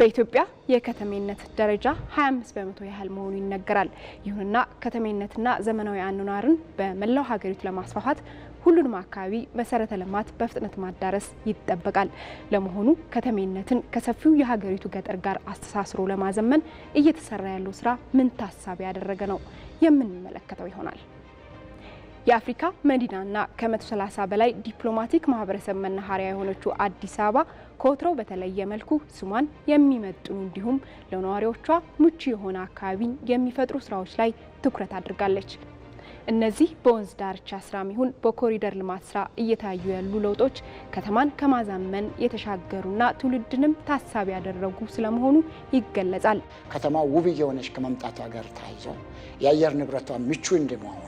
በኢትዮጵያ የከተሜነት ደረጃ 25 በመቶ ያህል መሆኑ ይነገራል። ይሁንና ከተሜነትና ዘመናዊ አኗኗርን በመላው ሀገሪቱ ለማስፋፋት ሁሉንም አካባቢ መሰረተ ልማት በፍጥነት ማዳረስ ይጠበቃል። ለመሆኑ ከተሜነትን ከሰፊው የሀገሪቱ ገጠር ጋር አስተሳስሮ ለማዘመን እየተሰራ ያለው ስራ ምን ታሳቢ ያደረገ ነው? የምንመለከተው ይሆናል። የአፍሪካ መዲናና ከ130 በላይ ዲፕሎማቲክ ማህበረሰብ መናኸሪያ የሆነችው አዲስ አበባ ከወትሮው በተለየ መልኩ ስሟን የሚመጥኑ እንዲሁም ለነዋሪዎቿ ምቹ የሆነ አካባቢን የሚፈጥሩ ስራዎች ላይ ትኩረት አድርጋለች። እነዚህ በወንዝ ዳርቻ ስራም ይሁን በኮሪደር ልማት ስራ እየታዩ ያሉ ለውጦች ከተማን ከማዛመን የተሻገሩና ትውልድንም ታሳቢ ያደረጉ ስለመሆኑ ይገለጻል። ከተማ ውብ እየሆነች ከመምጣቷ ጋር ተያይዞ የአየር ንብረቷ ምቹ እንደመሆኑ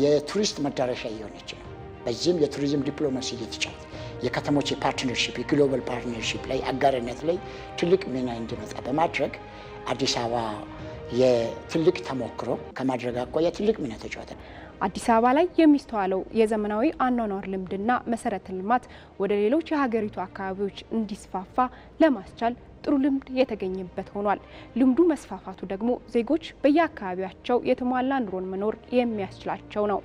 የቱሪስት መዳረሻ እየሆነች ነው። በዚህም የቱሪዝም ዲፕሎማሲ እየተጫወተ የከተሞች የፓርትነርሺፕ የግሎባል ፓርትነርሺፕ ላይ አጋርነት ላይ ትልቅ ሚና እንዲመጣ በማድረግ አዲስ አበባ የትልቅ ተሞክሮ ከማድረግ አኳያ ትልቅ ሚና ተጫወተ። አዲስ አበባ ላይ የሚስተዋለው የዘመናዊ አኗኗር ልምድና መሰረተ ልማት ወደ ሌሎች የሀገሪቱ አካባቢዎች እንዲስፋፋ ለማስቻል ጥሩ ልምድ የተገኘበት ሆኗል። ልምዱ መስፋፋቱ ደግሞ ዜጎች በየአካባቢያቸው የተሟላ ኑሮን መኖር የሚያስችላቸው ነው።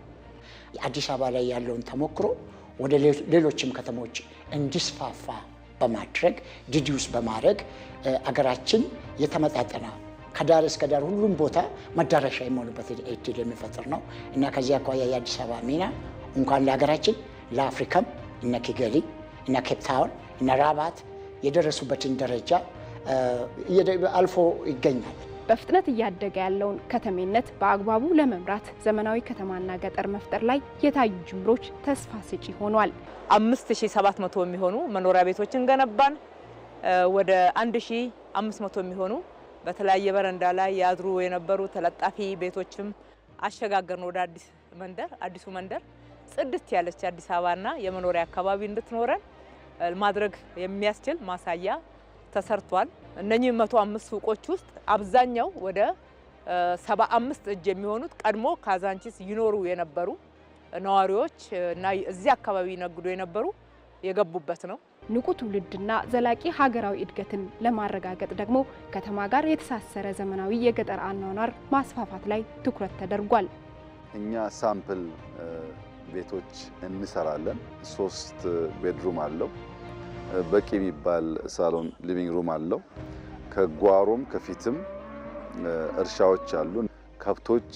አዲስ አበባ ላይ ያለውን ተሞክሮ ወደ ሌሎችም ከተሞች እንዲስፋፋ በማድረግ ዲዲውስ በማድረግ አገራችን የተመጣጠና ከዳር እስከ ዳር ሁሉም ቦታ መዳረሻ የሚሆኑበት እድል የሚፈጥር ነው እና ከዚህ አኳያ የአዲስ አበባ ሚና እንኳን ለሀገራችን ለአፍሪካም እነ ኪገሊ እነ ኬፕታውን እነ ራባት የደረሱበትን ደረጃ አልፎ ይገኛል። በፍጥነት እያደገ ያለውን ከተሜነት በአግባቡ ለመምራት ዘመናዊ ከተማና ገጠር መፍጠር ላይ የታዩ ጅምሮች ተስፋ ሰጪ ሆኗል። አምስት ሺ ሰባት መቶ የሚሆኑ መኖሪያ ቤቶችን ገነባን። ወደ አንድ ሺ አምስት መቶ የሚሆኑ በተለያየ በረንዳ ላይ ያድሩ የነበሩ ተለጣፊ ቤቶችም አሸጋገርን ወደ አዲስ መንደር። አዲሱ መንደር ጽድት ያለች አዲስ አበባና የመኖሪያ አካባቢ እንድትኖረን ማድረግ የሚያስችል ማሳያ ተሰርቷል። እነኚህ መቶ አምስት ሱቆች ውስጥ አብዛኛው ወደ ሰባ አምስት እጅ የሚሆኑት ቀድሞ ካዛንቺስ ይኖሩ የነበሩ ነዋሪዎች እና እዚህ አካባቢ ይነግዱ የነበሩ የገቡበት ነው። ንቁ ትውልድና ዘላቂ ሀገራዊ እድገትን ለማረጋገጥ ደግሞ ከተማ ጋር የተሳሰረ ዘመናዊ የገጠር አኗኗር ማስፋፋት ላይ ትኩረት ተደርጓል። እኛ ሳምፕል ቤቶች እንሰራለን። ሶስት ቤድሩም አለው። በቂ የሚባል ሳሎን ሊቪንግ ሩም አለው። ከጓሮም ከፊትም እርሻዎች አሉ። ከብቶች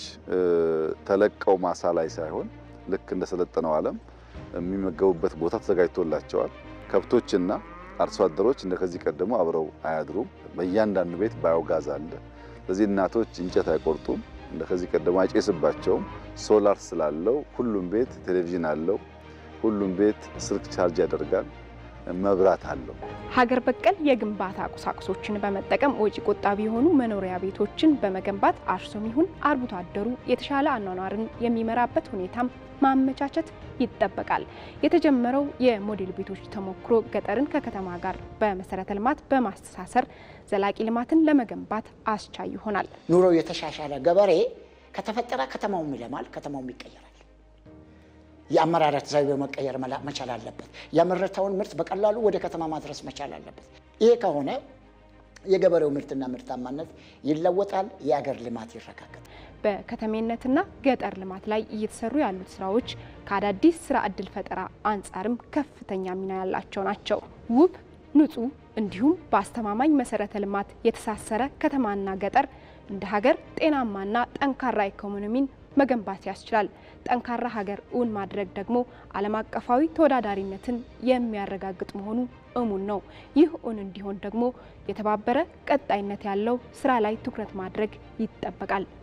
ተለቀው ማሳ ላይ ሳይሆን ልክ እንደሰለጠነው ዓለም የሚመገቡበት ቦታ ተዘጋጅቶላቸዋል። ከብቶችና አርሶ አደሮች እንደከዚህ ቀደሙ አብረው አያድሩም። በእያንዳንዱ ቤት ባዮጋዝ አለ። ስለዚህ እናቶች እንጨት አይቆርጡም፣ እንደከዚህ ቀደሙ አይጨስባቸውም። ሶላር ስላለው ሁሉም ቤት ቴሌቪዥን አለው። ሁሉም ቤት ስልክ ቻርጅ ያደርጋል። መብራት አለው። ሀገር በቀል የግንባታ ቁሳቁሶችን በመጠቀም ወጪ ቆጣቢ የሆኑ መኖሪያ ቤቶችን በመገንባት አርሶም ይሁን አርብቶ አደሩ የተሻለ አኗኗርን የሚመራበት ሁኔታም ማመቻቸት ይጠበቃል። የተጀመረው የሞዴል ቤቶች ተሞክሮ ገጠርን ከከተማ ጋር በመሰረተ ልማት በማስተሳሰር ዘላቂ ልማትን ለመገንባት አስቻይ ይሆናል። ኑሮ የተሻሻለ ገበሬ ከተፈጠረ ከተማውም ይለማል፣ ከተማውም ይቀየራል። የአመራረት ዘይቤ መቀየር መቻል አለበት። ያመረተውን ምርት በቀላሉ ወደ ከተማ ማድረስ መቻል አለበት። ይሄ ከሆነ የገበሬው ምርትና ምርታማነት ይለወጣል። የአገር ልማት ይረጋገጣል። በከተሜነትና ገጠር ልማት ላይ እየተሰሩ ያሉት ስራዎች ከአዳዲስ ስራ እድል ፈጠራ አንጻርም ከፍተኛ ሚና ያላቸው ናቸው። ውብ፣ ንጹህ እንዲሁም በአስተማማኝ መሰረተ ልማት የተሳሰረ ከተማና ገጠር እንደ ሀገር ጤናማና ጠንካራ ኢኮኖሚን መገንባት ያስችላል። ጠንካራ ሀገር እውን ማድረግ ደግሞ ዓለም አቀፋዊ ተወዳዳሪነትን የሚያረጋግጥ መሆኑ እሙን ነው። ይህ እውን እንዲሆን ደግሞ የተባበረ ቀጣይነት ያለው ስራ ላይ ትኩረት ማድረግ ይጠበቃል።